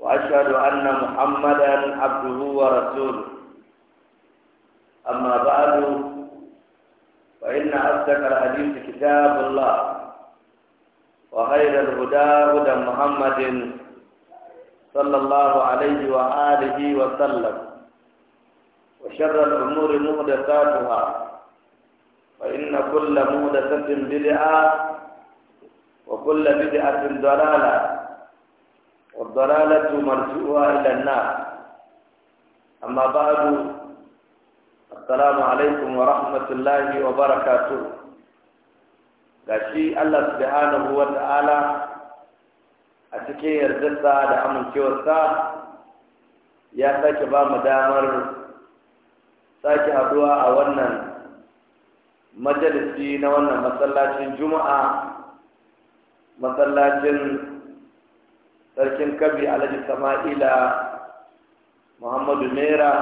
وأشهد أن محمدا عبده ورسوله أما بعد فإن أصدق الحديث كتاب الله وخير الهدى هدى محمد صلى الله عليه وآله وسلم وشر الأمور محدثاتها فإن كل محدثة بدعة وكل بدعة ضلالة والضلالة مرجوها إلى النار أما بعد السلام عليكم ورحمة الله وبركاته gashi Allah subhanahu wa ta'ala a cikin yardarsa da amincewarsa ya sake ba mu damar sake haduwa a wannan majalisi na wannan masallacin juma'a masallacin sarkin kabi alhaji sama'ila muhammadu mera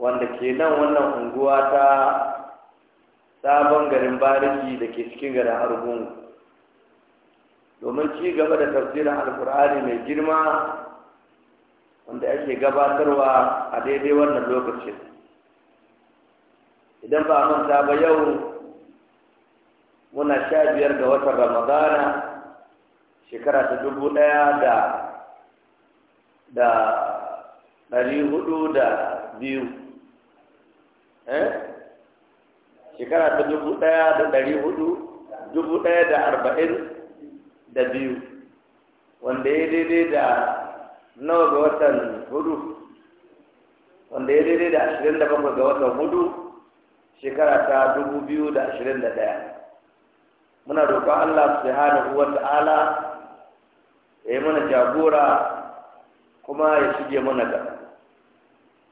wanda ke nan wannan unguwa ta sabon garin bariki da ke cikin garin argungu domin ci gaba da tafsirin alkur'ani mai girma wanda ake gabatarwa a daidai wannan lokacin idan ba manta ba yau muna sha biyar ga watan ramadana shekara ta dubu ɗaya da da ɗari hudu da biyu eh? shekara ta dubu ɗaya da ɗari hudu dubu ɗaya da arba'in da biyu wanda ya daidai da nawa ga watan hudu wanda ya daidai da ashirin da bakwai ga watan hudu shekara ta dubu biyu da ashirin da ɗaya muna roƙon allah subhanahu wa ta'ala ya yi mana jagora kuma ya shige mana gaba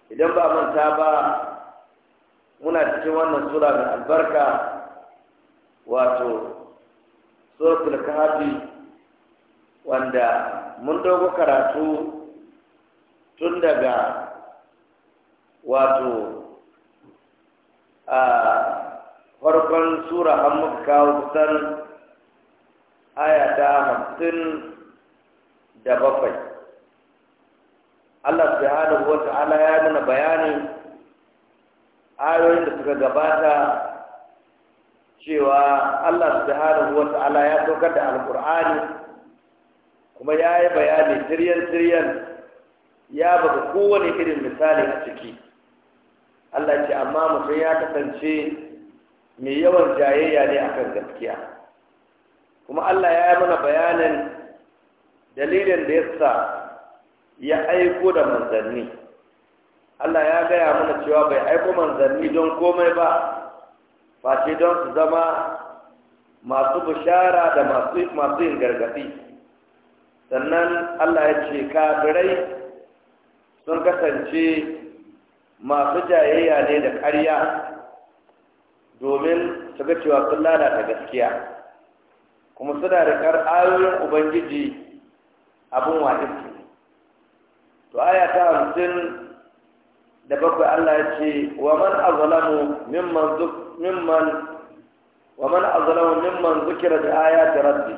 idan ba manta ba muna cikin wannan sura mai albarka wato suratul kahfi wanda mun dogo karatu tun daga wato a farkon sura an muka kawo kusan aya ta hamsin da bakwai Allah subhanahu ya nuna bayanin ayoyin da suka gabata cewa Allah subhanahu ta'ala ya saukar da alkur'ani kuma ya yi bayani tiryan-tiryan ya baka kowane irin misali a ciki Allah ce amma mutum ya kasance mai yawan jayayya ne akan gaskiya kuma Allah ya yi mana bayanin dalilin da yasa ya aiko da manzanni Allah ya gaya mana cewa bai aiko manzanni don komai ba face don su zama masu bishara da masu yin gargaɗi sannan Allah ya ce kafirai sun kasance masu jayayya ne da karya domin su ga cewa sun lalata gaskiya kuma suna da ayoyin ubangiji abin wajen to aya ta hamsin da bakwai Allah ya ce wa man azlamu mimman mimman wa man azlamu mimman zukira bi ayati rabbi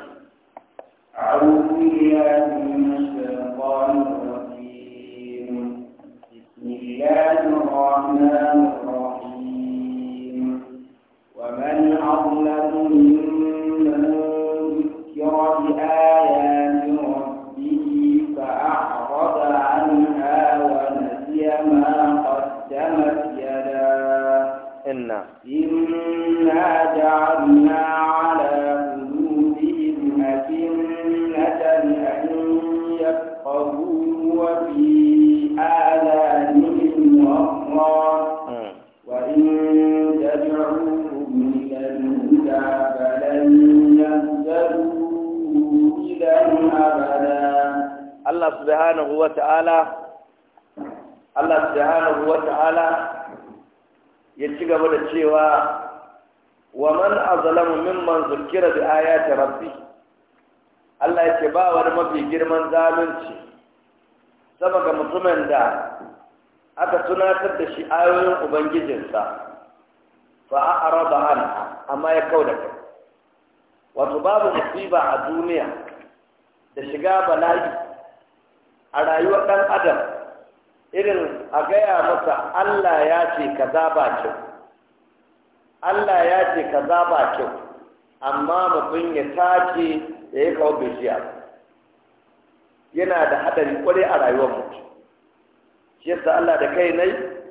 a'udhu billahi cewa wa man azlamu mimman zukira bi ayati rabbi Allah yake ba wani mafi girman zalunci sama ga mutumin da aka tunatar da shi ayoyin ubangijinsa fa a'rada an amma ya kauda kai wato babu musiba a duniya da shiga bala'i a rayuwar dan adam irin a gaya masa Allah ya ce kaza ba kyau Allah ya ce ka ba kyau amma mutum ya tace ya yi kawo bishiya yana da haɗari ƙwarai a rayuwar mutum shi yasa Allah da kai nai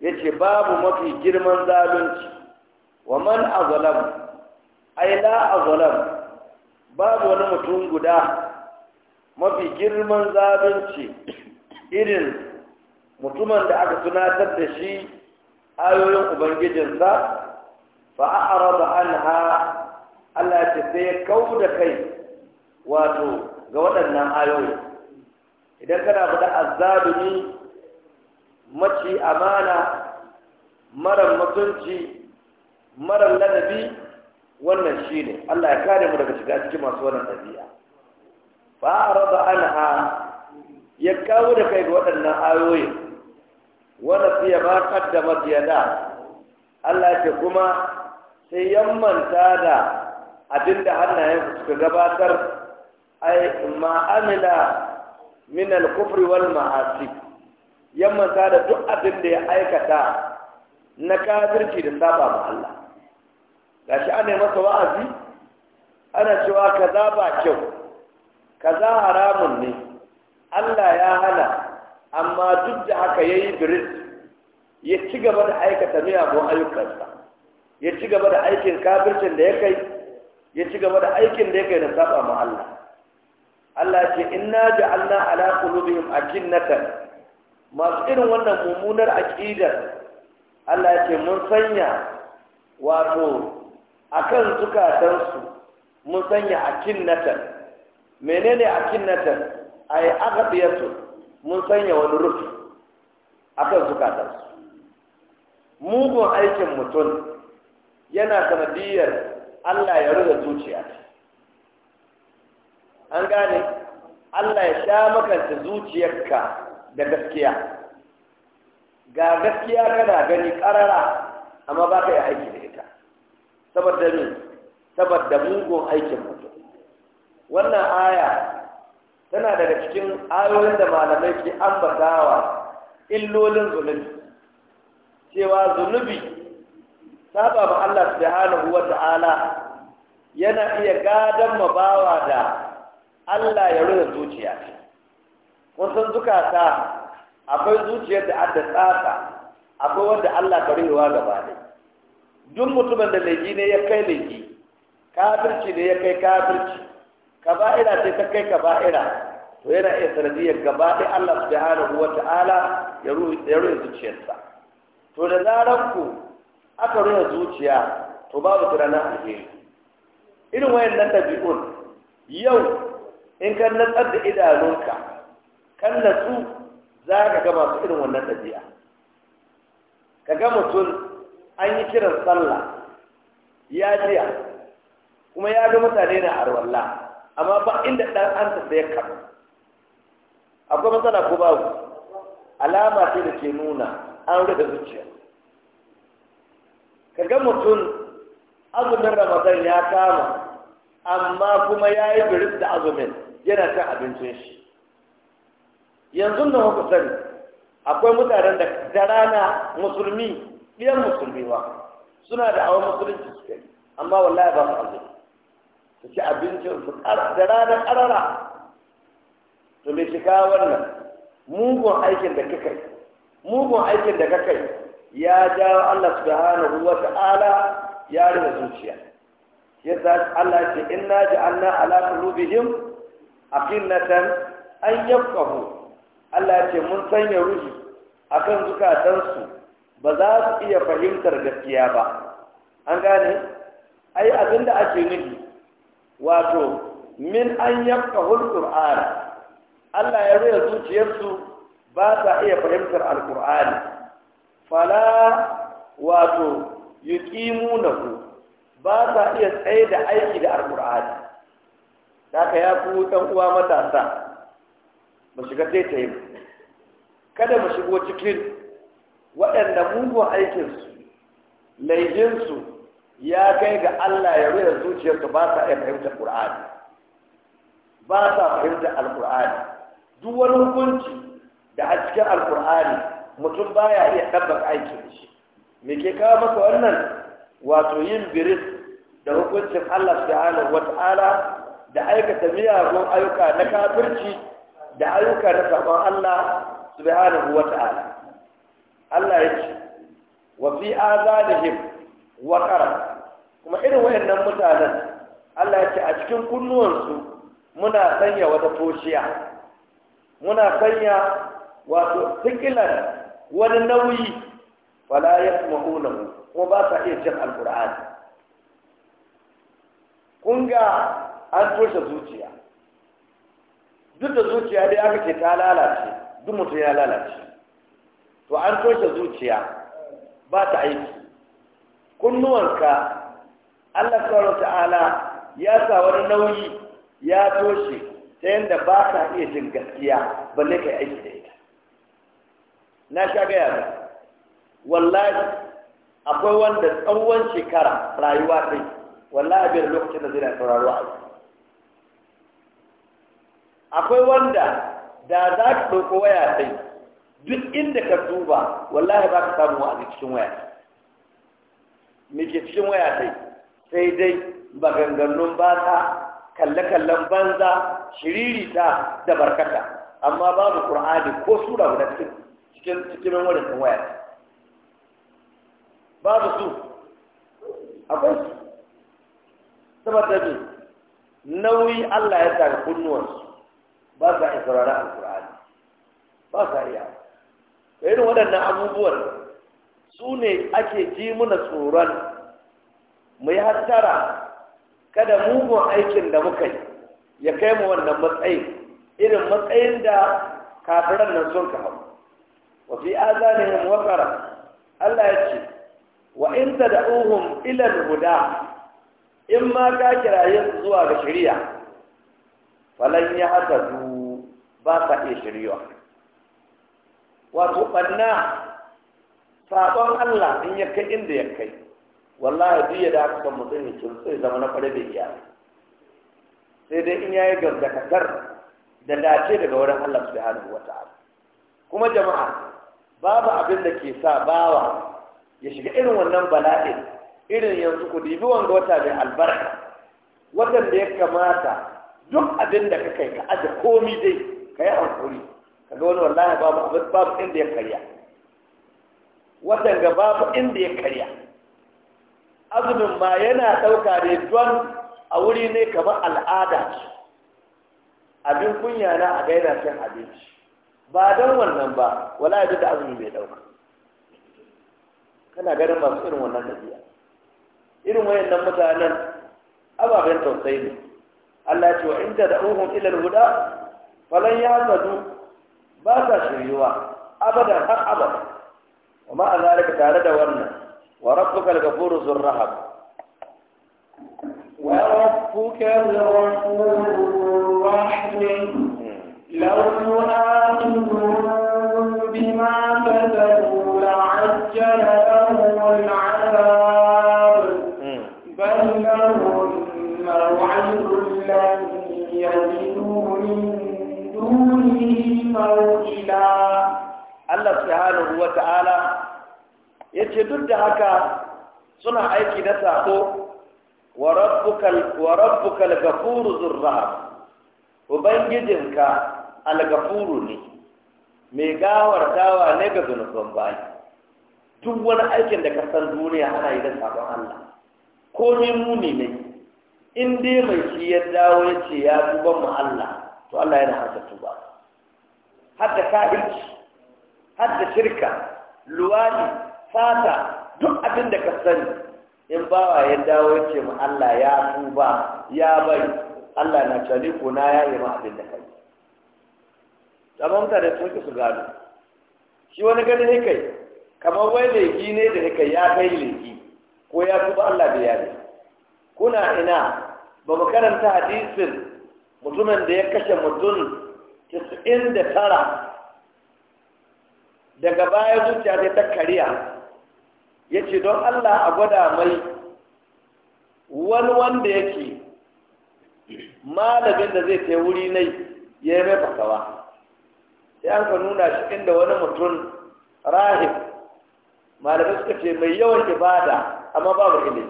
ya ce babu mafi girman zalunci wa man zalam ai la zalam babu wani mutum guda mafi girman zalunci irin mutumin da aka tunatar da shi ayoyin ubangijinsa fa a'rada anha Allah ya sai kau da kai wato ga waɗannan ayoyi idan kana faɗa azzalumi maci amana marar mutunci marar ladabi wannan shi ne Allah ya kare mu daga shiga cikin masu wannan ɗabi'a ba a anha ya kawo da kai ga waɗannan ayoyi wanda fiye ba kaddama fiye da Allah ya kuma sai yammanta da abin da hannayensu suka gabatar ai ma'amila min al-kufri wal ma'asi yammanta da duk abin da ya aikata na kafirci da saba ma Allah gashi ana masa wa'azi ana cewa kaza ba kyau kaza haramun ne Allah ya hana amma duk da haka yayi birit ya ci gaba da aikata miyagun ayyukansa ya ci gaba da aikin kafircin da ya kai ya ci gaba da aikin da ya kai da saba ma Allah Allah ce inna ja'alna ala qulubihim akinnatan masu irin wannan mummunar aqidar Allah ya ce mun sanya wato akan zukatansu mun sanya akinnatan menene akinnatan ay aghdiyatu mun sanya wani rufi akan zukatan su, mugun aikin mutum yana sanadiyar Allah ya rura zuciya an gane Allah ya sha makanta zuciyarka da gaskiya ga gaskiya kana gani karara amma ba ka yi aiki da ita saboda ne saboda mugun aikin mutum wannan aya tana daga cikin ayoyin da malamai ke ambatawa illolin zunubi cewa zunubi saba ma Allah subhanahu wa ta'ala yana iya gadon mabawa da Allah ya rura zuciya kun san zukata akwai zuciyar da adda tsaka, akwai wanda Allah ka rurewa gaba ne duk mutumin da laifi ne ya kai laifi kafirci ne ya kai kafirci kaba'ira sai ta kai kaba'ira to yana iya sanadiyar gaba ɗaya Allah subhanahu wa ta'ala ya rura zuciyarsa to da zaran ku aka rina zuciya to babu na alheri irin wayan da ɗabi'un yau in ka natsar da idanunka kan natsu za ka ga masu irin wannan ɗabi'a ka ga mutum an yi kiran sallah ya jiya kuma ya ga mutane na arwalla amma ba inda ɗan an ta sai kan akwai matsala ko babu alama ce da ke nuna an rufe zuciya kaga mutum azumin ramadan ya kama amma kuma ya yi birin da azumin yana cin abincin shi yanzu da muku sani akwai mutanen da da rana musulmi biyan musulmi ba suna da awon musulunci suka yi amma wallahi ba su azumi su ci abincin su da rana karara to me shiga wannan mugun aikin da kika yi mugun aikin da kaka yi ya jawo Allah subhanahu wa ta'ala ya rina zuciya yadda Allah ce inna ja'alna ala qulubihim aqinatan an yafqahu Allah ce mun sanya ruhi akan su ba za su iya fahimtar gaskiya ba an gane ai abinda ake nufi wato min an yafqahu alqur'ana Allah ya rina zuciyarsu ba sa iya fahimtar alqur'ani fala wato yuqimu nahu ba sa iya tsaye da aiki da alqur'ani haka ya ku dan uwa matasa mu shiga tayi kada mu shigo cikin waɗanda mugun aikinsu su ya kai ga Allah ya rera zuciyarsu ba sa iya fahimtar Qur'ani ba sa fahimtar Alƙur'ani. duk wani hukunci da a cikin Alƙur'ani. mutum baya iya ɗabbaka aiki da shi me ke kawo masa wannan wato yin biris da hukuncin Allah subhanahu wata'ala da aikata miyagun ayyuka na kafirci da ayyuka na saɓon Allah subhanahu wata'ala Allah ya ce wa fi wa ƙara. kuma irin wayannan mutanen Allah ya ce a cikin kunnuwansu muna sanya wata toshiya muna sanya wato sikilar wani nauyi wala ya kuma ba sa iya jin alqur'ani kun ga an toshe zuciya duk da zuciya dai aka ce ta lalace duk mutum ya lalace to an toshe zuciya ba ta aiki kunnuwanka Allah subhanahu ta'ala ya sa wani nauyi ya toshe ta yadda ba ka iya jin gaskiya balle kai aiki da ita na sha gaya ba wallahi akwai wanda tsawon shekara rayuwa ɗai wallahi abin lokacin da zai na sauraro a akwai wanda da za ka ɗauko waya ɗai duk inda ka duba wallahi ba ka samu wa'azi cikin waya me ke cikin waya ɗai sai dai maganganun ba ta kalle-kallen banza shiririta da barkata amma babu ƙur'ani ko sura guda cikin cikin wurin waya babu su akwai su saboda me nauyi Allah ya tare kunnuwansu ba sa iya a alkur'ani ba sa iya irin waɗannan abubuwan su ne ake ji mana tsoron mu yi hattara kada mugun aikin da muka yi ya kai mu wannan matsayin irin matsayin da kafiran nan sun ka hau wa fi azanihim waqara Allah ya ce wa in tad'uhum ila al-huda in ma ka zuwa ga shari'a ya hasadu ba sa iya shari'a wato banna sabon Allah in ya kai inda ya kai wallahi duk ya da aka san mutum ya zama na kware da iyali sai dai in ya yi gaggakatar da dace daga wurin Allah subhanahu wata'ala kuma jama'a babu abin da ke sa bawa ya shiga irin wannan bala'in irin yanzu ku dibi wanga wata mai albarka watan da ya kamata duk abin da ka kai ka aje komi dai ka yi hankuri ka ga wani wallahi babu abin babu inda ya karya watan ga babu inda ya karya azumin ma yana ɗauka ne don a wuri ne kamar al'ada abin kunya na a gaina cin abinci ba don wannan ba wala ya da azumi bai dauka kana ganin masu irin wannan tafiya irin wayannan mutanen ababen tausayi ne Allah ce wa inda da ila al-huda falan yahtadu ba sa shiryuwa abadan har abada wa ma zalika tare da wannan wa rabbuka al-ghafuru dhur-rahab wa rabbuka al-ghafuru rahim hmm. law wa ta'ala ya ce duk da haka suna aiki na sako wa rabbuka al-gafuru zurra ubangijinka al-gafuru ne mai gawar dawa ne ga zunuban bayi duk wani aikin da kasan duniya ana yi da sabon Allah ko ni muni ne in dai mai shi ya dawo ya ce ya duban mu Allah to Allah yana hasa tuba har da har da shirka luwadi fata duk abin da ka sani in bawa ya dawo ya ce ma Allah ya tuba ya bari Allah na cani ko na yaye ma abin da kai zaman da sun su gado shi wani gani ne kai kamar wai leki ne da kai ya kai leki ko ya tuba Allah bai yare kuna ina ba mu karanta hadisin mutumin da ya kashe mutum 99 daga baya zuciya ta ta kariya ya ce don allah a gwada mai wani wanda yake malamin da zai kai wuri nai ya yi mai fasawa sai an ka nuna shi inda wani mutum rahib malamin suka ce mai yawan ibada amma babu ilimi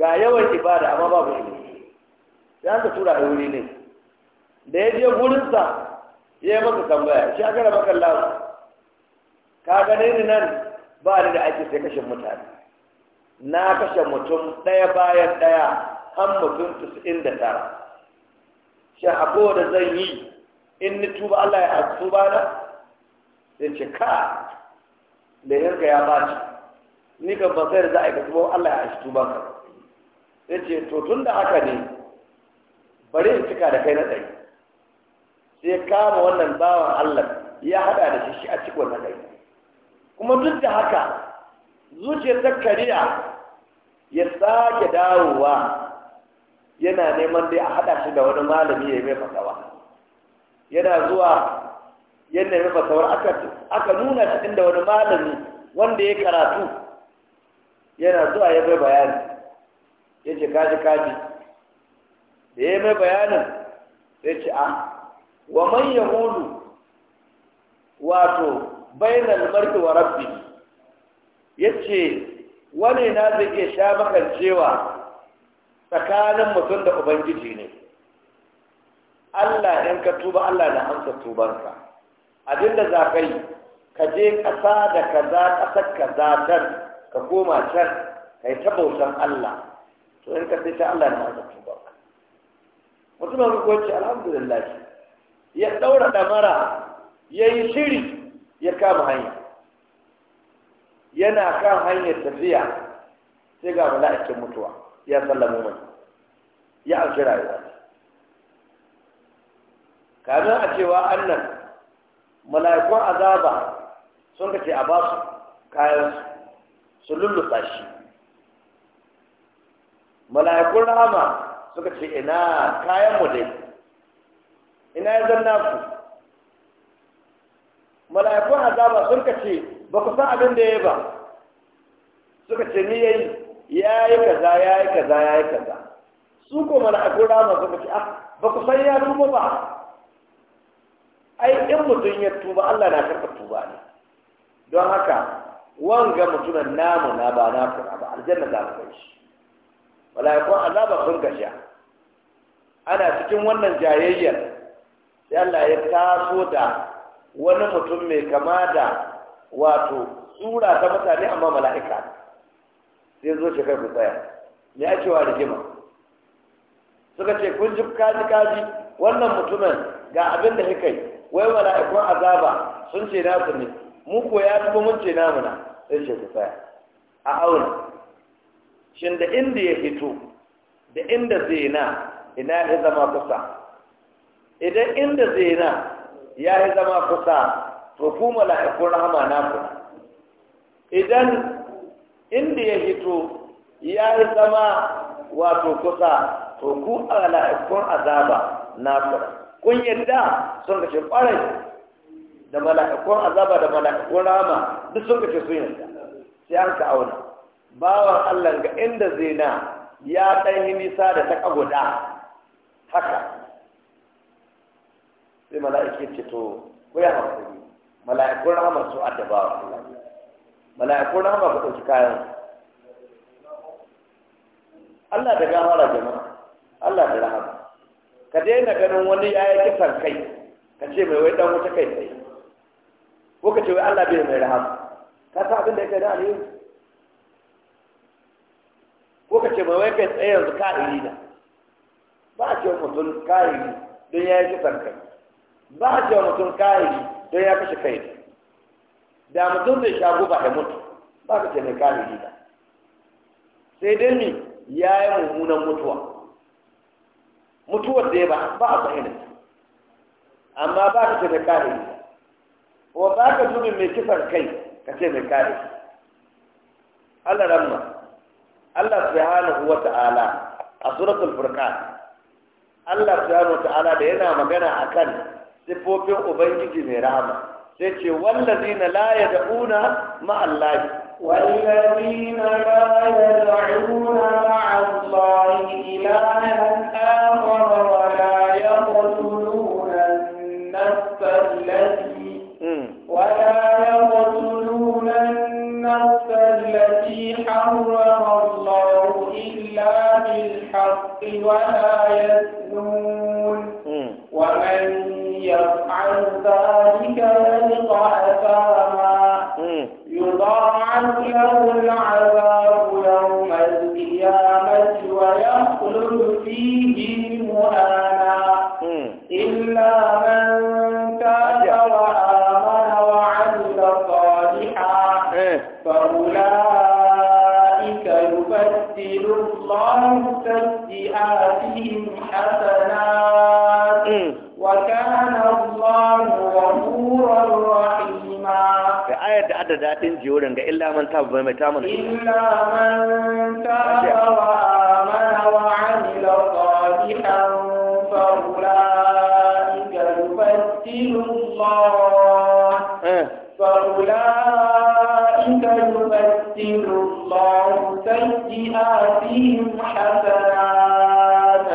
ga yawan ibada amma babu ilimi sai an ka tura da wuri ne da ya je gurinsa ya maka tambaya shi aka raba lawa ka ne ni nan ba ni da ake sai kashe mutane na kashe mutum ɗaya bayan ɗaya har mutum tis'in da tara shi abuwa da zan yi in ni tuba Allah ya asu ba na ya ce ka da yanka ya baci ni kan ba sai da za a yi kasuwa Allah ya asu tuba ka ya ce to tun da haka ne bari in cika da kai na tsaye sai kama wannan bawan Allah ya hada da shi shi a cikin wannan gari kuma duk da haka zuciyar Zakariya ya sake dawowa yana neman dai a hada shi da wani malami ya yi mai fasawa yana zuwa yadda ya fasawar aka nuna shi inda wani malami wanda ya karatu yana zuwa ya mai bayani ya ce kaji kaji da ya mai bayanin sai ce a ah, wa man yahudu wato bainal mardi wa rabbi yace wane na zai iya sha makancewa tsakanin mutum da ubangiji ne Allah in ka tuba Allah na amsa tubanka abinda za ka yi ka je ƙasa da kaza ƙasar kaza can ka koma can ka yi Allah to in ka sai ta Allah na amsa tubanka mutum ya alhamdulillah ya daura damara ya yi shiri ya kama hanya yana kan hanyar tafiya sai ga mala'ikin mutuwa ya sallama mai ya amshi rayuwa kamin a cewa annan mala'ikun azaba sun kace a ba su kayan su lullusa shi mala'ikun rama suka ce ina kayan mu dai ina ya zanna ku mala'ikun azaba sun ka ce ba ku san abin da ya ba suka ce ni yayi ya yi kaza ya yi kaza ya yi kaza su ko mala'ikun rama suka ce ah ba ku san ya tuba ba ai in mutum ya tuba Allah na karɓa tuba ne don haka wanga mutumin namu na ba na ku? ba aljanna za ku kai shi mala'ikun azaba sun gasha ana cikin wannan jayayyar sai Allah ya taso da wani mutum mai kama da wato tsura ta mutane amma mala'ika sai zo shi kai ku tsaya me ake wa rigima suka ce kun ji kaji kaji wannan mutumin ga abin da kai wai mala'ikun azaba sun ce na su ne mu ko ya tuba mun ce na muna sai ce ku tsaya a auna shin da inda ya fito da inda zai na ina ya zama kusa idan inda zina ya yi zama kusa to ku mala'ikun rahama na ku idan inda ya hito ya yi zama wato kusa to ku mala'ikun azaba na ku kun yadda sun kashe kwarai da mala'ikun azaba da mala'ikun rahama duk sun kashe sun yadda sai an ka auna bawan Allah ga inda zina ya ɗan yi nisa da ta guda haka sai mala'iki ce to ko ya hankali mala'ikun rahama su addaba wa Allah mala'ikun rahama ku ɗauki kayan Allah da gafara jama'a Allah da rahama ka daina ganin wani ya yi kisan kai ka ce mai wai dan wuta kai sai ko ka ce wai Allah bai mai rahama ka san abin da yake da alheri ko ka ce mai wai kai tsaye yanzu iri da ba a ce mutum ka'iri don ya yi kisan kai ba a cewa mutum kahiri don ya kashe kai da mutum zai sha guba ya mutu ba ka ce mai kahiri ba sai dai ni ya yi mummunan mutuwa mutuwar da ya ba a fahimta amma ba ka ce mai kahiri wa ba ka tuni mai kisan kai ka ce mai kahiri Allah ramma Allah subhanahu wa ta'ala a suratul furqan Allah subhanahu wa ta'ala da yana magana akan siffofin ubangiji mai rahama sai ce wallazina la una ma'allahi wallazina la yad'una ma'allahi ilahan akhar wa la yaqtuluna an-nafsa allati hmm. wa la yaqtuluna an-nafsa allati harrama Allah illa bil haqqi wa la yaznun ذلك لضعفاما يضاعف له العذاب يوم القيامة ويخلد فيه daɗin jiyorin ga illa man taba mai ta mana illa man taba wa amana wa amila salihan fa ulaika yubaddilu Allah fa ulaika yubaddilu Allah sayyi'atihim hasanat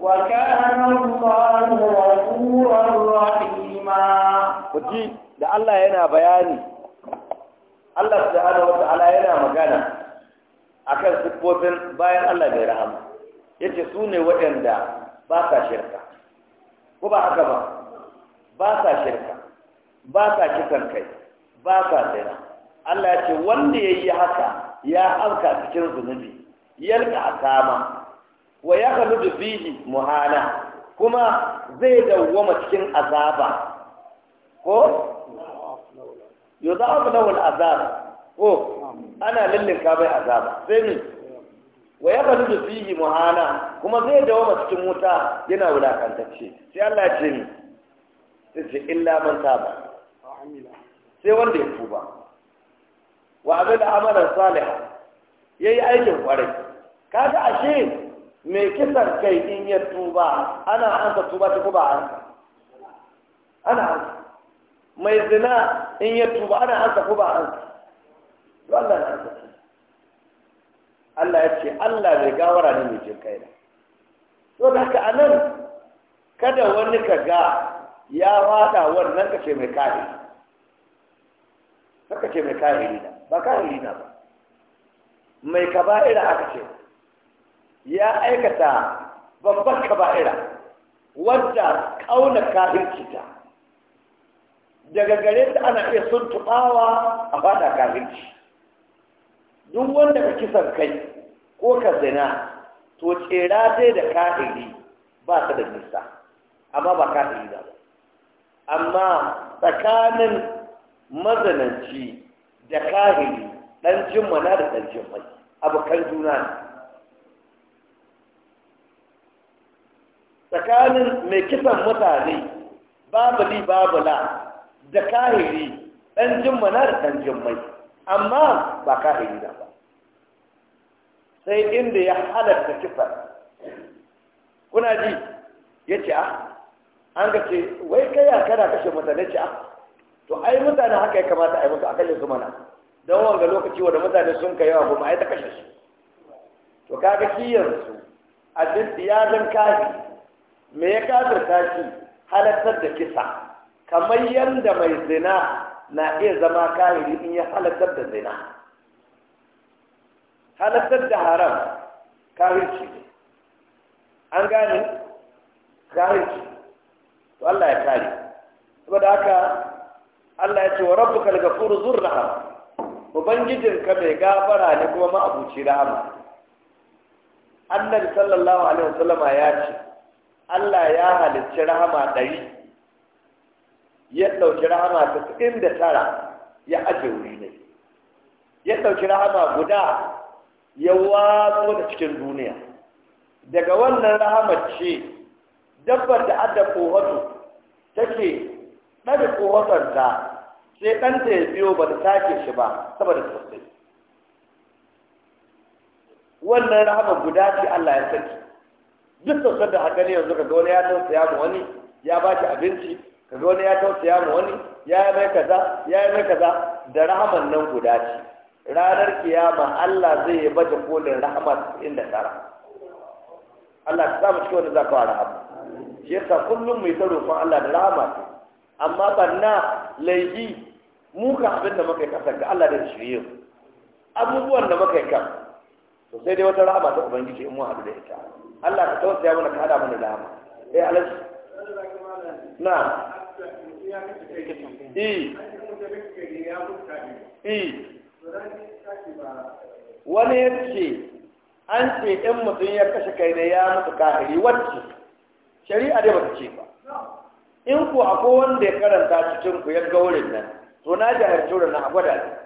wa kana Allahu ghafurur rahima kuji da Allah yana bayani Allah subhanahu wa ta'ala yana magana akan sifofin bayan Allah mai rahama yace su ne waɗanda ba sa shirka ko ba haka ba ba sa shirka ba sa kisan kai ba sa tsira Allah ya ce wanda ya yi haka ya auka cikin zunubi yalka sama wa ya da fihi muhana kuma zai dawwama cikin azaba ko yudha'af wani azaba ko oh, ana lillinka bai azaba sai ne wa ya kalu fihi muhana kuma zai dawoma cikin wuta yana wulakantacce sai Allah ya ce ni sai illa man taba sai wanda ya tuba wa abada amalan ya yayi aikin kwarai kaga ashe mai kisan kai in ya tuba ana ka tuba ta ko ba ana mai zina in ya tuba ana ansa ko ba ansa to Allah ya ansa Allah ya ce Allah bai gawara ne mai jinkai kai da to da haka anan kada wani ka ga ya fada wannan ka ce mai kare haka ce mai kare ne ba kare ne ba mai kaba'ira aka ce ya aikata babbar kaba'ira wadda kauna kafirci ta daga gare ta ana iya sun tubawa a fada kafirci duk wanda ka kisan kai ko ka zina to tsera dai da kafiri ba ta da nisa amma ba kafiri ba amma tsakanin mazananci da kafiri dan jimmana da dan jimmai abokan juna ne tsakanin mai kisan mutane babu li babu la da kahiri ɗan jimma da ɗan jimmai amma ba kahiri da ba sai inda ya halatta kifar kuna ji ya ce a ah, an ga ce wai kai ya kana kashe mutane ce a ah, to ai mutane haka ya kamata a yi musu a kalli su mana don wanga lokaci wanda mutane sun kai yawa kuma ai ta kashe su to kaga kiyarsu a duk ya zan kafi me ya kafirta shi halattar da kisa kamar yadda mai zina na iya zama kahiri in ya halattar da zina halattar da haram kahirci ne an gane kahirci to Allah ya kare saboda haka Allah ya ce wa Rabbu rabbukal furu zur raham ubangijinka mai gafara ne kuma ma'abuci rahama annabi sallallahu alaihi wasallama ya ce Allah ya halicci rahama ɗari ya ɗauki rahama tasa'in da tara ya ajiye wuri ne ya ɗauki rahama guda ya watso da cikin duniya daga wannan rahamar ce dabbar da adda ta take ɗaga kohatarta sai ɗanta ya biyo ba ta take shi ba saboda sosai wannan rahama guda ce Allah ya saki duk sosai da haka ne yanzu ga wani ya tausaya wani ya ba shi abinci kaga wani ya tausaya ma wani ya yi mai kaza ya yi mai kaza da rahaman nan guda ce ranar kiyama Allah zai yi baje kolin rahama inda tara Allah ta samu cikin wani za ka rahama shi yasa kullum mai ta roƙon Allah da rahama ce amma banna laifi muka abin da muka yi kasar ga Allah da shirye abubuwan da muka yi kan to sai dai wata rahama ta ubangiji in mun haɗu da ita Allah ka tausaya mana ka haɗa mana rahama eh alaji na wani ya ce an ce ɗin mutum ya kashe kai ne ya mutu kahiri wacce shari'a dai ta ce ba in ku akwai wanda ya karanta cikin ku ya ga wurin nan to na jaharci da na gwada ne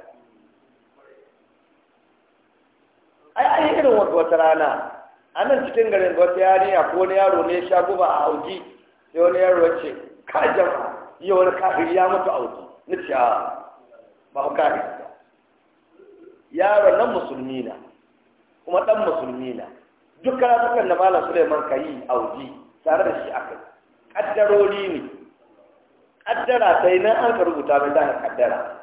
ai an yi irin wata rana a nan cikin garin wata yarinya ko wani yaro ne ya sha guba a auki. sai wani yaro ce ka jama yi wani kafin ya mutu a wuce na ce ba ku kafiri ba yaro nan musulmi na kuma dan musulmi na duk karatukan na Bala suleiman ka yi a wuce tare da shi aka kaddaroli ne kaddara sai nan an ka rubuta mai dana kaddara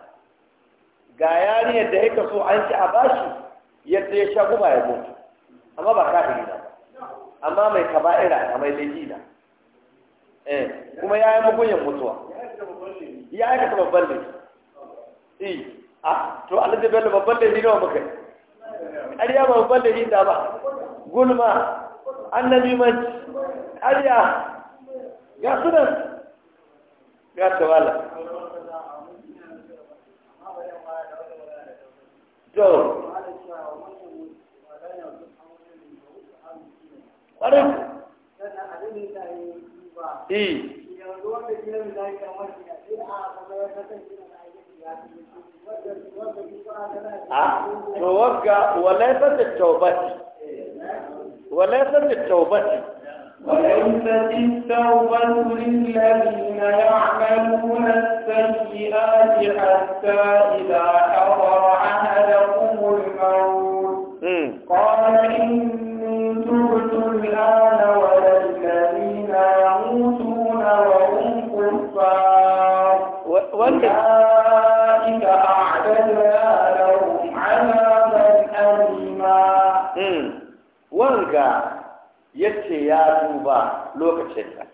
ga yari yadda yake so an ci a bashi yadda ya sha guba ya mutu amma ba kafin na amma mai kaba'ira a mai laifi na eh kuma ya yi magoyan mutuwa ya aikata babban ne eh a ah, to alhaji bello babban ne nawa kai ƙarya ba babban laifi da ba gulma annabi man ya ga su nan ga tawala to ƙwarin eh to wagga walaifat at-taubati walaifat at-taubati وليست التوبة للذين يعملون السيئات حتى إذا حضر أحدهم الموت قال إني تبت الآن da yace ya tuba lokacin da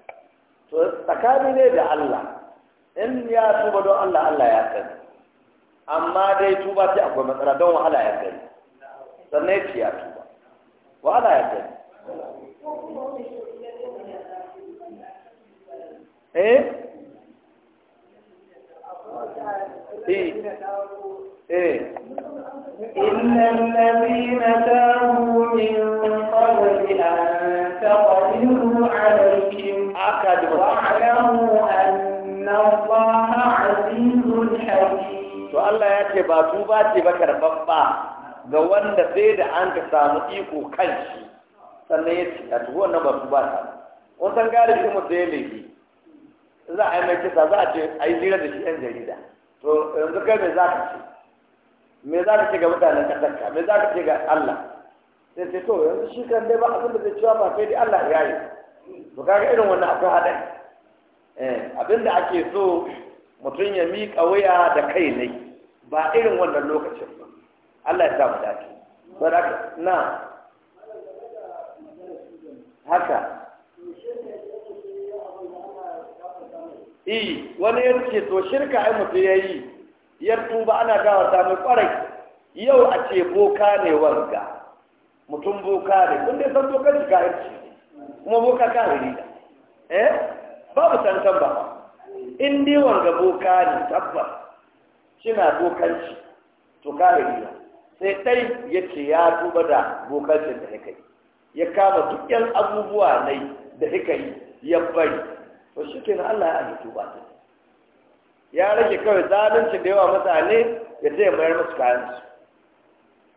to tsakani ne da Allah in ya tuba don Allah Allah ya sani amma dai tuba sai akwai matsala don wahala ya sani sannan yace ya tuba wahala ya sani eh إيه eh. eh. إن الذين تابوا من to Allah ya ce ba tuba ce ba ba ga wanda sai da an ka samu iko kan shi sannan ya ce a tuba wannan ba tuba ta kun san shi mu sai laifi za a yi mai kisa za a ce a yi jira da shi yan jarida to yanzu kai me za ka ce me za ka ce ga mutanen kasarka? me za ka ce ga Allah sai sai to yanzu shi kan dai ba abin da zai cewa ba sai dai Allah ya yi to kaga irin wannan akwai haɗari eh, abinda ake so mutum ya miƙa waya da kai ne ba irin wannan lokacin ba Allah ya sa mu dace saboda na haka yi eh, wani ya ce to shirka ai mutum ya yi ya tuba ana gawa ta mai kwarai yau a ce boka ne wanga mutum boka ne kun dai san boka shi ka yanci kuma boka da? eh babu tantan ba in dai wanga boka ne tabbas kina bokanci to kahiri da. sai dai yace ya tuba da bokancin da kai ya kama duk yan abubuwa nai da kai ya bari to shikenan Allah ya yi tuba ta ya rage kawai zalunci da yawa mutane ya ce mayar musu su,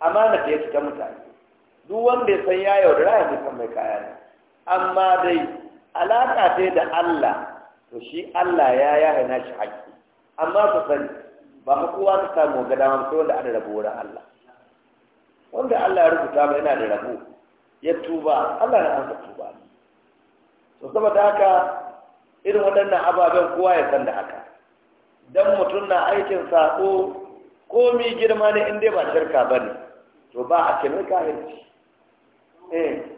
amana da ya ta mutane duk wanda ya san ya yaudara ya mai kayan su. amma dai alaƙa ce da Allah to shi Allah ya yaya na shi haƙƙi amma ku sani ba ku kowa ka samu ga dama sai wanda ana rabo wurin Allah wanda Allah ya rubuta mai yana da rabo ya tuba Allah ya amsa tuba to saboda haka irin waɗannan ababen kowa ya san da haka dan mutum na aikin sako komi girma ne in dai ba shirka bane to ba a kimar kahirci eh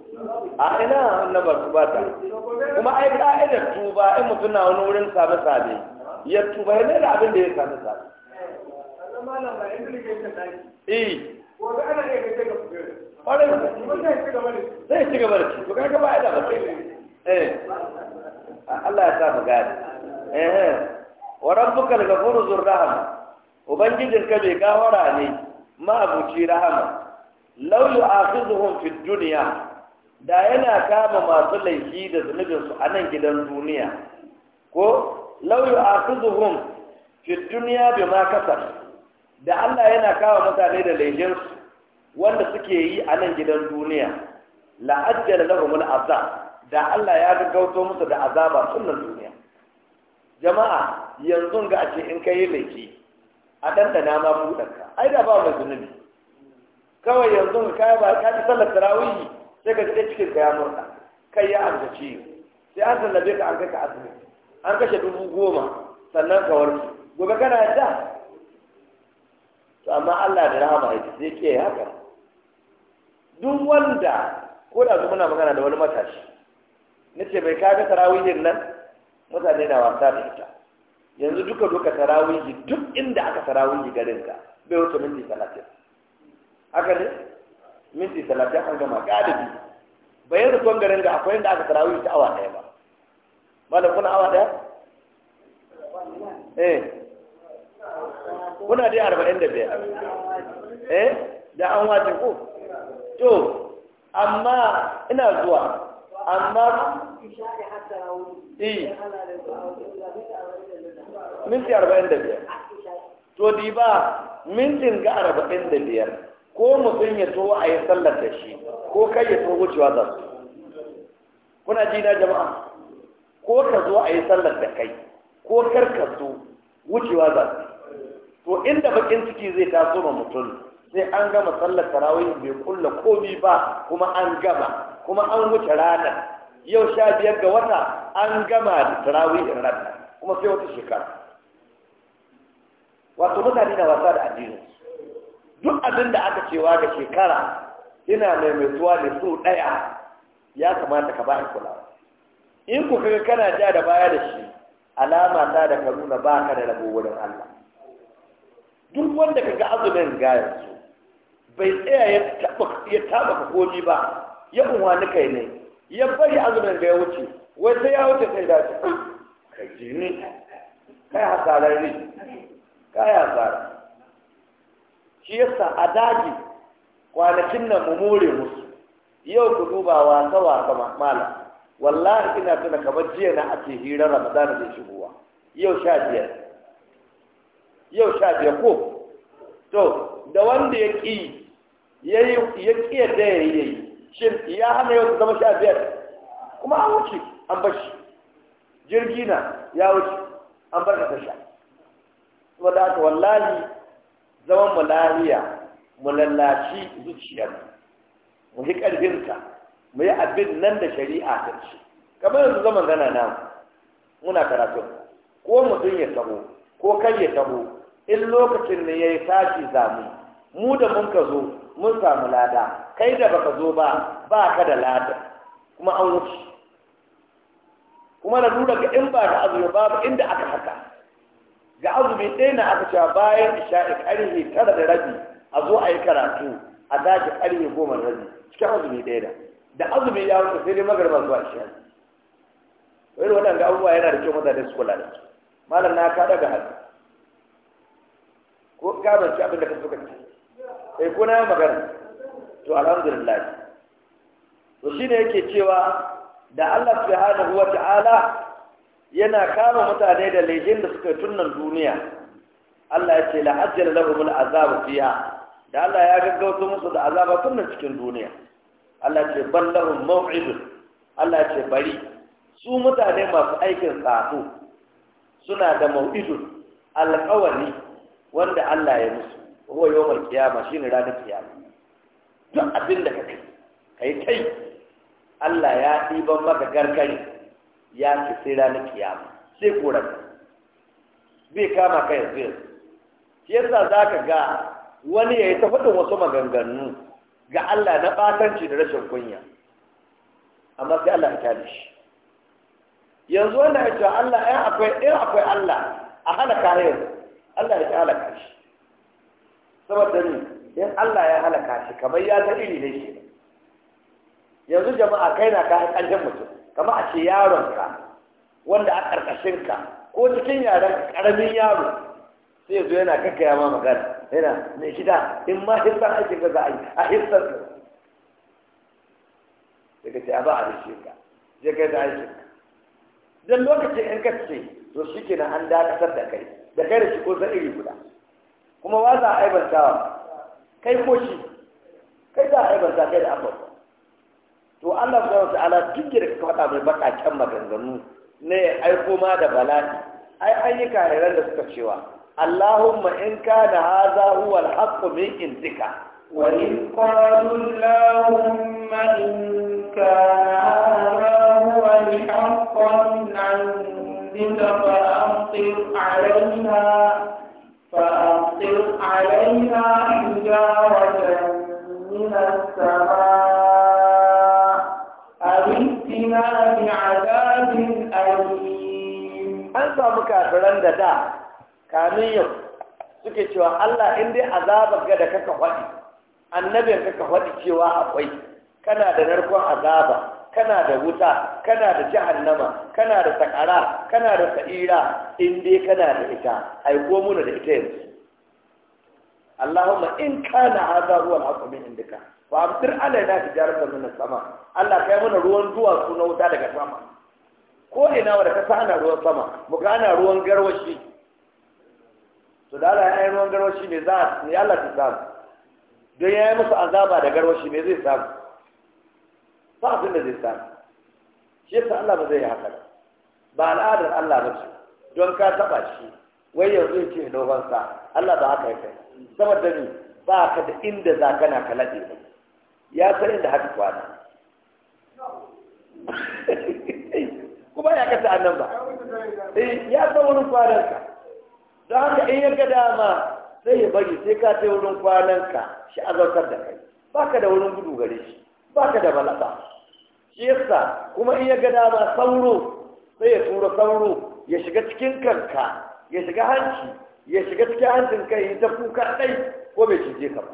a ina na ba tuba ta kuma ai ka'idar tuba in mutum na wani wurin same same ya tuba ya da abin da ya same same eh zai ci gaba da ci to kaga ba da ba eh Allah ya sa mu gane eh wa rabbuka al-ghafuru dhur rahma ubangijinka bai gawara ne ma abuci rahama law yu'akhidhuhum fid dunya da yana kama masu laifi da zunubinsu a nan gidan duniya ko lauyu a kuzuhun fi duniya bi ma kasar da Allah yana kama mutane da laifinsu wanda suke yi a nan gidan duniya la'ajjala lahumul azab da Allah ya gaggauto musu da azaba sunan duniya jama'a yanzu ga a ce in yi laifi a ɗanɗana ma buɗanka ai da ba mai zunubi kawai yanzu ka ba ka ci sallar tarawihi sai ka ji cikin ka ya murna kai ya amsace sai an sallabe ka an kai ka asibiti an kashe dubu goma sannan ka warke gobe kana yadda to amma Allah da rahama yake zai ke haka duk wanda ko da muna magana da wani matashi nace bai kaga tarawihin nan mutane na wasa da ita yanzu duka duka tarawihi duk inda aka tarawihi garin ka bai wuce minti talatin haka ne minti talatin an gama galibi bayan rufon garin da akwai inda aka tarawih ta awa ɗaya ba malam kuna awa ɗaya eh kuna dai arba'in da biyar eh da an wace ko to amma ina zuwa amma eh minti arba'in da biyar to di ba mintin ga arba'in da biyar ko mutum ya to a yi sallar da shi ko kai ya to wucewa za su kuna ji na jama'a ko ka zo a yi sallar da kai ko kar ka zo wucewa za su to inda bakin ciki zai taso ma mutum sai an gama sallar tarawih bai kulla komi ba kuma an gama kuma an wuce ranar yau sha biyar ga wata an gama da tarawih ranar kuma sai wata shekara wato mutane na wasa da addinin duk abin da aka cewa ga shekara ina maimaituwa da su ɗaya ya kamata ka ba a kula. in ku kaga kana ja da baya da shi alama ta da ka nuna ba ka da rabo wurin Allah duk wanda ka ga azumin gayar su bai tsaya ya taba ya taba ka ba ya wani kai ne ya bari azumin da ya wuce wai sai ya wuce sai dace ka ji ni kai hasarar ni kai hasarar shi yasa a daji kwanakin nan mu more musu yau ku duba wasa wasa mala wallahi ina tuna kamar jiya na ake hirar Ramadan da shigowa yau sha biyar yau sha biyar ko to da wanda ya ƙi ya ki yadda ya yi shin ya hana yau zama sha biyar kuma an wuce an bar shi jirgi na ya wuce an bar ka tasha saboda haka wallahi Zama mu lafiya mu lallaci zuciyar mu yi ƙarfinta mu yi abin nan da shari'a ta ce kamar yanzu zaman gana na muna karatun ko mutum ya taho ko kan ya taho in lokacin ne ya yi sashi zamu mu da mun ka zo mun samu lada kai da baka zo ba ba ka da lada kuma an wuce kuma na duba ga in ba ka azumi babu inda aka haka ga azumi ɗaya na aka cewa bayan isha'i ƙarfe tara da rabi a zo a yi karatu a zaki ƙarfe goma da rabi cikin azumi ɗaya da da azumi ya wuce sai dai magarba zuwa isha'i wani wannan ga abubuwa yana da kyau da su kula da su malam na ka daga hannu ko gaban ci abin da ka suka ci sai eh, ko na magana to alhamdulillah to shine yake cewa da Allah subhanahu wa ta'ala yana kama mutane da laifin da suka tunan duniya Allah ya ce la ajjal lahum al azab fiha da Allah ya gaggauto musu da azaba tunan cikin duniya Allah ce bal lahum maw'id Allah ce bari su mutane masu aikin tsafo suna da maw'idun alƙawari wanda Allah ya musu huwa yawmal qiyama shine ranar kiyama duk abin da kake kai kai Allah ya diban maka gargari ya ke tsira ni kiyama sai koran bai kama ka ya yanzu shi yasa za ka ga wani ya yi ta faɗin wasu maganganu ga Allah na ɓatanci da rashin kunya amma sai Allah ya kyale shi yanzu wanda ya ce Allah ɗaya eh, akwai ɗaya eh, akwai Allah a halaka yanzu Allah ya halaka shi saboda ni in Allah ya halaka shi kamar ya ta iri ne shi yanzu jama'a kai na ka haƙanjen mutum kamar a ce yaronka wanda a ƙarƙashinka ko cikin yaren ƙaramin yaro sai ya zo yana kakkaya ma magana yana mai gida in ma hissar aikin ka za a yi a hissar ka daga ce a ba a rishe ka je kai da aikin ka don lokacin in ka ce to shi kenan an dakatar da kai da kai da shi ko zan iri guda kuma wa za a wa? kai ko shi kai za a aibanta kai da abubuwa to Allah subhanahu ta'ala duk da ka faɗa mai baƙaƙen maganganu ne ai ma da bala'i ai an yi kahiran da suka cewa Allahumma in kana hadha huwa al-haqqu min indika wa in qalu Allahumma in kana hadha huwa al-haqqu min indika fa amtir alaina fa amtir alaina hijaratan min as-samaa An samu kafiran da da, kamin yau suke cewa Allah in dai azabar ga da kaka faɗi annabin kaka faɗi cewa akwai kana da narkon azaba kana da wuta kana da jahannama kana da sakara kana da sa'ira in dai kana da ita aiko muna da ita yanzu Allahumma in kana hadha huwa al-haqqu min indika wa amtir alaina tijaratan min as-sama Allah kai mana ruwan duwatsu na wuta daga sama ko ina wanda ka ana ruwan sama mu ga ana ruwan garwashi to da Allah ya yi ruwan garwashi ne za ne Allah ta samu don ya yi musu azaba da garwashi ne zai samu ba abin da zai samu shi yasa Allah ba zai yi haka ba al'adar Allah ba don ka taba shi wai yanzu ya ce dogon Allah ba haka yake saboda ni ba ka da inda za kana ka lade ba ya san inda haka kwana kuma ya kasa annan ba eh, ya san wurin kwananka don haka in ya ga dama sai ya bari sai ka ta wurin kwananka shi azautar da kai ba ka da wurin gudu gare shi ba ka da balaba shi yasa kuma in ya ga dama sauro sai ya tura sauro ya shiga cikin kanka ya shiga hanci ya shiga cikin hancin kai ta kuka ɗai ko bai cije ka ba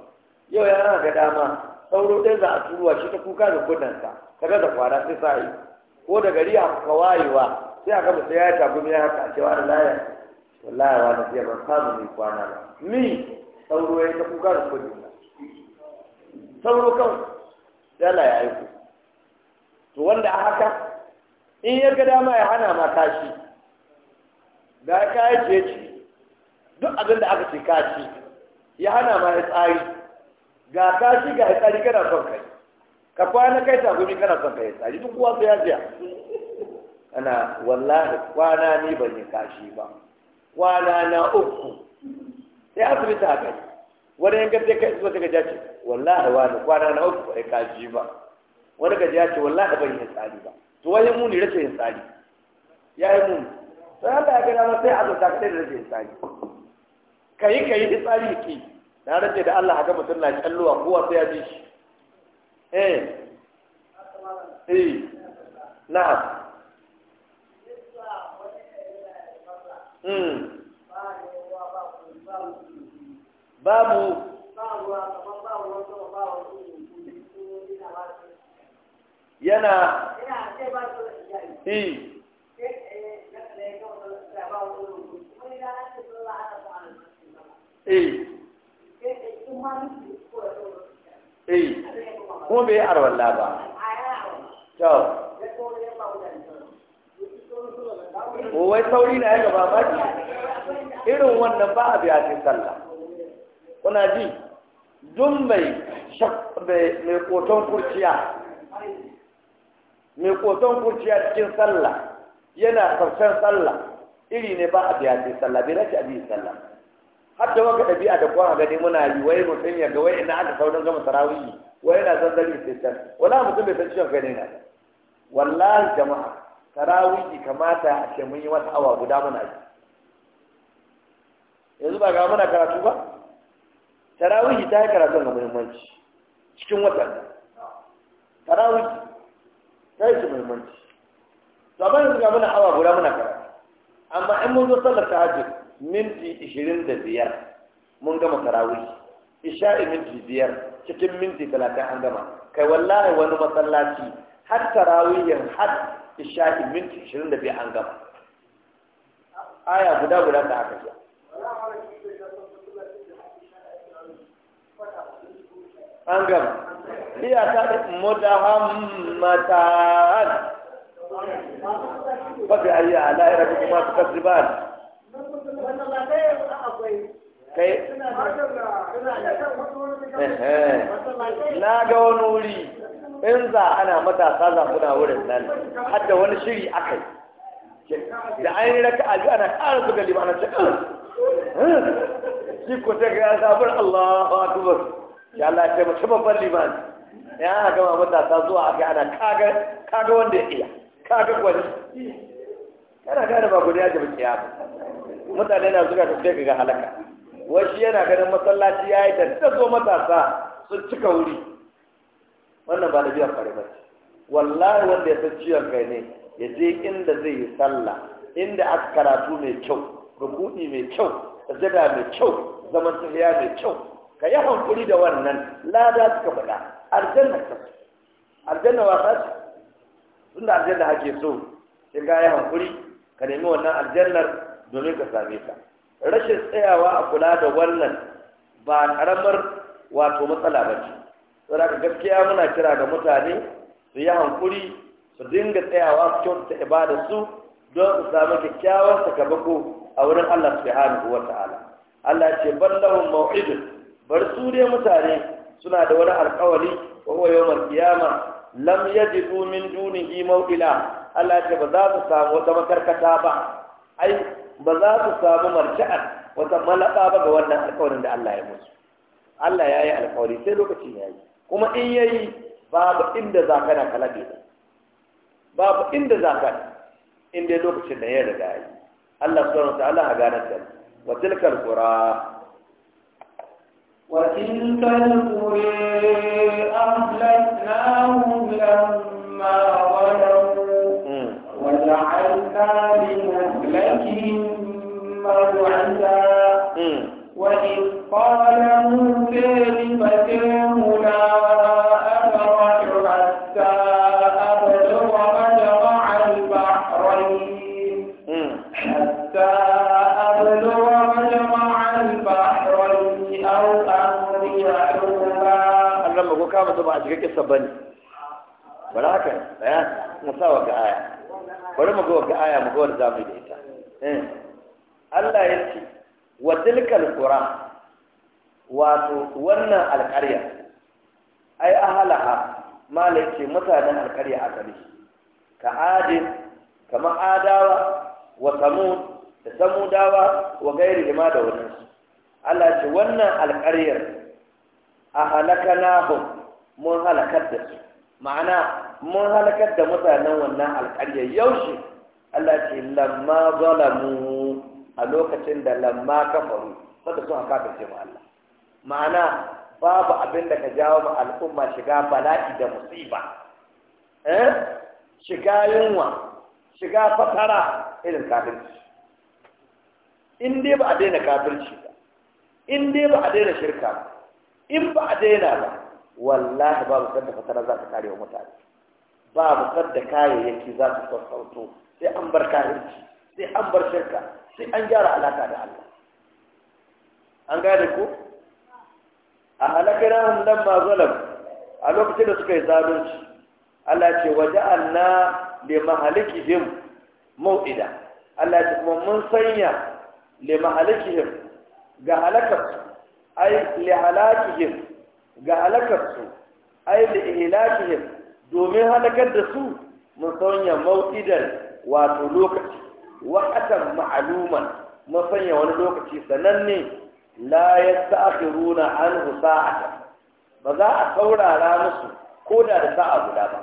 yau rana ga dama sauro ɗin za a turuwa shi ta kuka da kunnansa ka ga da kwara sai sa yi ko da gari a kuka wayewa sai a gama sai ya tafi ya haka a cewa da laya wallahi wa da zai ban samu mai kwana ba ni sauro ya ta kuka da kunnansa sauro kan dala ya aiko to wanda a haka in ya ga dama ya hana ma kashi ga kayan ce-ce, duk abin da aka ce kaci ya hana ma ya tsari ga kaci ga ya tsari kana son kai ka kwana kai ta gumi kana son kai ya tsari duk kuwa ya tsaya ana wallahi kwana ni ban yi kashi ba kwana na uku sai asibiti a kai wani yankar da kai suka ga jace wallahi wani kwana na uku bai kashi ba wani gaji ya ce wallahi ban yi tsari ba to wani muni rashin yin tsari ya yi muni don haka ya sai a zuta ka da rashin tsari ka tsari ki na rage da Allah haka mutum na kyalluwa kowa sai ya ji shi eh eh na'am hmm. babu yana eh Ee, eh kuma eh. bai arwalla ba to ko wai sauri na ya gaba ba irin wannan ba a biya cikin sallah kuna ji duk mai shak, mai koton kurciya mai koton kurciya cikin sallah yana karshen sallah iri ne ba a biya cikin sallah bai rashi a biyan sallah har da waka ɗabi'a da kuma gani muna yi wai mutum ya ga wai ina aka saurin gama sarawiyi wai ina son zali sai can wala mutum bai san ciwon ne na wallahi jama'a sarawiyi kamata a ce mun yi wata awa guda muna yi yanzu ba ga muna karatu ba sarawiyi ta yi karatun ga muhimmanci cikin watan sarawiyi ta yi shi muhimmanci to amma yanzu ga muna awa guda muna karatu amma in mun zo sallar tahajjud minti ishirin da biyar mun gama tarawih isha'i minti biyar cikin minti talatin an gama kai wallahi wani masallaci har tarawihin har isha'i minti ishirin da biyar an gama aya guda guda ta aka ce an gama iya ta mudahammatan fabi ayyana ala irabi kuma su kasibar na ga wani wuri in za ana matasa za muna wurin nan hadda wani shiri aka yi da an yi raka aji ana ƙara zuga limanar cikin ah! shi ko ta gaya sabar Allah wa akubar ya Allah ta mace babban liman ya gama matasa zuwa aka ana kaga wanda ya iya kaga gwani yana gane ba guda da ba. mutane na zuga tafiya ga halaka wasu yana ganin masallaci ya yi da zo matasa sun cika wuri wannan ba da biyan fari ba wallahi wanda ya san ciwon kai ne ya je inda zai yi sallah inda aka karatu mai kyau rukuni mai kyau sajada mai kyau zaman tafiya mai kyau ka yi hankuri da wannan lada suka faɗa aljanna ka aljanna wasa ce tunda aljanna ake so sai ka yi hankuri ka nemi wannan aljannar domin ka same ta rashin tsayawa a kula da wannan ba karamar wato matsala ba ce saboda gaskiya muna kira ga mutane su yi hankuri su dinga tsayawa su kyautata ibada su don su samu kyakkyawan sakamako a wurin Allah subhanahu wa ta'ala Allah ce ballahum maw'idun bar su dai mutane suna da wani alƙawari wa huwa yawmal qiyama lam yajidu min dunihi maw'ila Allah ce ba za su samu wata makarkata ba ai ba za su samu marja'ar wata malaba ba ga wannan alƙawarin da Allah ya musu Allah ya yi alƙawari sai lokacin ya yi kuma in ya yi babu inda za ka na kalabe babu inda za ka in dai lokacin da ya riga yi Allah subhanahu wa ta'ala ha ganar da wa tilkal qura wa tilkal qura ahlaknahum lamma وجعلنا لمهلكهم موعدا وإذ قال حتى أبلغ البحرين حتى أبلغ البحرين أو ba a cikin kisa bane haka musawaka bari mu ga aya mu ga wanda zamu da ita eh. Allah ya ce wa tilkal qura wato wannan alƙarya ai ahalaha malai ce mutanen alƙarya a gari ka adin kamar adawa wa samud da samudawa wa gairi ma da wani Allah ce wannan alƙaryar a halakanahum mun halakar da su ma'ana mun halakar da mutanen wannan alƙarya shi Allah ce lamma zalamu a lokacin da lamma kafaru saboda sun haka da ma Allah ma'ana babu abin da ka jawo ma al'umma shiga bala'i da musiba eh shiga yunwa shiga fatara irin kafirci in dai ba a daina kafirci ba in dai ba a daina shirka in ba a daina ba wallahi babu sadda fatara za ta kare wa mutane babu sadda kayayyaki za su sassauto sai an bar kayanci sai an bar shirka sai an gyara alaka da Allah an gane ku? a na hannun ma zalam a lokacin da suka yi zalunci Allah ce waje anna li mahalikihim mau'ida Allah ce kuma mun sanya li him ga halakar ai li him ga halakarsu ai da ihilakihim domin halakar da su mun sanya mawqidan wato lokaci wa'atan ma'aluman mun sanya wani lokaci sananne la yasta'khiruna anhu sa'ata ba za a saurara musu ko da da sa'a guda ba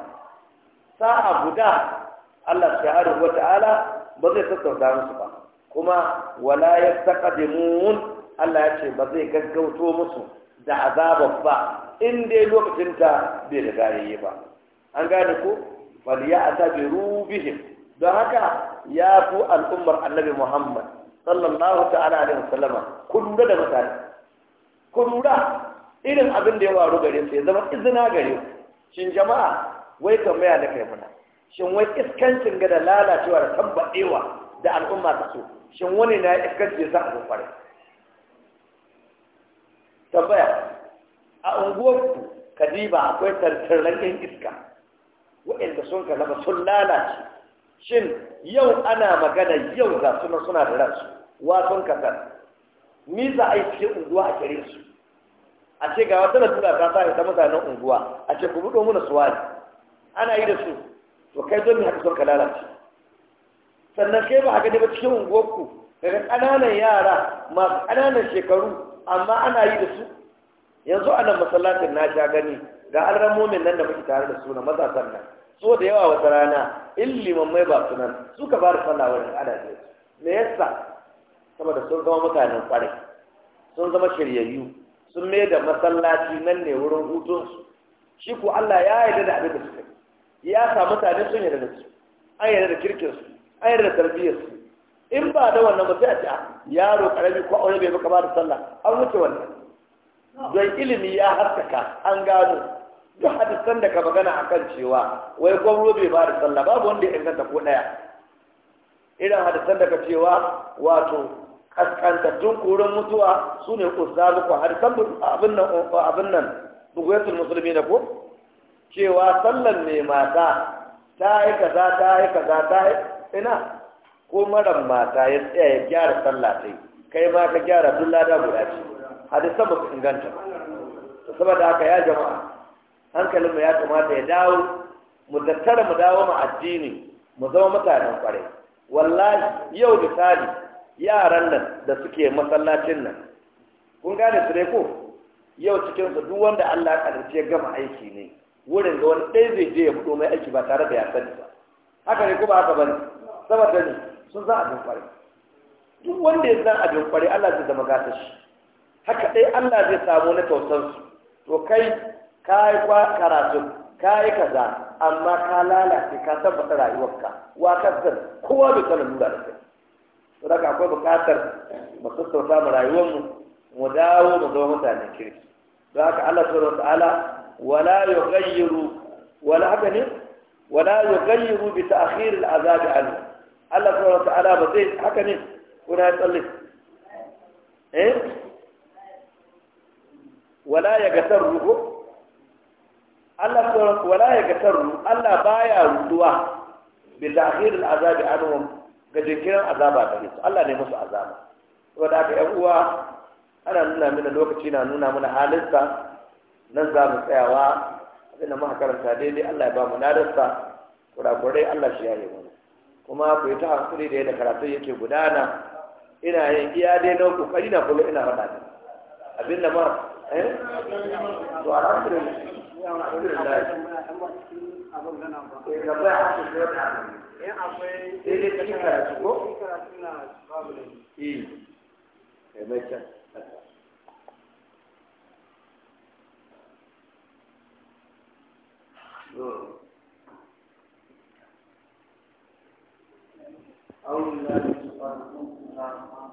sa'a guda Allah subhanahu wata'ala ba zai sassauta musu ba kuma wala yastaqdimun Allah ya ce ba zai gaggauto musu da azabar ba in dai lokacin ta bai da yayi ba an gane ku. Wani ya ata bi rubihim don haka ya fi al'ummar annabi muhammad sallallahu ta'ala alaihi wasallama kun da mutane kun irin abin da ya waru gare su ya zama izina gare ku shin jama'a wai kan maya da kai muna shin wai iskancin ga da lalacewa da tabbadewa da al'umma ta so shin wani na iskanci ya sa a zo tambaya a unguwarku kadiba akwai tartarrakin iska waɗanda sun kalaba sun lalace shin yau ana magana yau za su na suna da ransu wasan kasar ni za a yi cikin unguwa a kere su a ce ga wata lalura ta sa ta mutanen unguwa a ce ku buɗo mana suwari ana yi da su to kai don me haka sun ka lalace sannan kai ba a gani ba cikin unguwarku daga ƙananan yara masu ƙananan shekaru amma ana yi da su yanzu a nan masallacin na sha gani ga mumin nan da muke tare da su na matasan nan so da yawa wata rana in liman mai ba su nan suka ba da sallah wani ana da me yasa saboda sun zama mutanen kwarai sun zama shiryayyu sun mai da masallaci nan ne wurin hutunsu shi ko Allah ya yarda da abin da suka yi ya sa mutane sun yarda da su an yarda da kirkinsu an yarda da su in ba da wannan ba sai a ce ah, yaro karami ko aure bai baka ba da sallah an wuce wannan don ilimi ya haskaka an gano duk hadisan da ka magana akan cewa wai gwamnati bai ba da sallah babu wanda ya inganta ko daya irin hadisan da ka cewa wato kaskantattun kurin mutuwa su ne ustazu ko hadisan abin nan abin nan musulmi da ko cewa sallan ne mata ta yi kaza ta yi kaza ta yi ina ko maran mata ya tsaya ya gyara sallah kai ma ka gyara duk lada guda ce hadisan ba inganta ba saboda haka ya jama'a hankalinmu ya kamata ya dawo mu tattara mu dawo mu addini mu zama mutanen kware. wallahi yau misali yaran nan da suke masallacin nan kun gane su dai ko yau cikin su duk wanda Allah ya kadarce gama aiki ne wurin da wani ɗaya zai je ya fito mai aiki ba tare da ya sani ba haka ne ko ba haka bane saboda ne. sun za a kwarai duk wanda ya zan a kwarai Allah zai zama gata shi haka ɗai Allah zai samu na tausansu to kai ka yi karatu ka yi kaza amma ka lalace ka tabbata rayuwarka wa ka san kowa bai sanin lura da kai to daga akwai bukatar mu sassauta mu rayuwarmu mu dawo mu zama mutanen kirki don haka Allah subhanahu wa ta'ala wala yughayyiru wala haka ne wala yughayyiru bi ta'khir al-azab anhu Allah subhanahu ta'ala ba zai haka ne kuna tsalle eh wala ya gasar ruhu Allah subhanahu wala ya gasar ruhu Allah baya ruduwa bil akhir al azabi anhum ga jinkirin azaba da su Allah ne musu azaba saboda haka ƴan uwa ana nuna mana lokaci na nuna mana halinsa nan za mu tsayawa abinda muka karanta daidai Allah ya ba mu kura kurakurai Allah shi ya yi mu kuma ku yi ta hankali da yadda karatun yake gudana ina yin iya dai na kokari na kuma ina faɗa ne abin da ma eh to eh, أو لا يسأل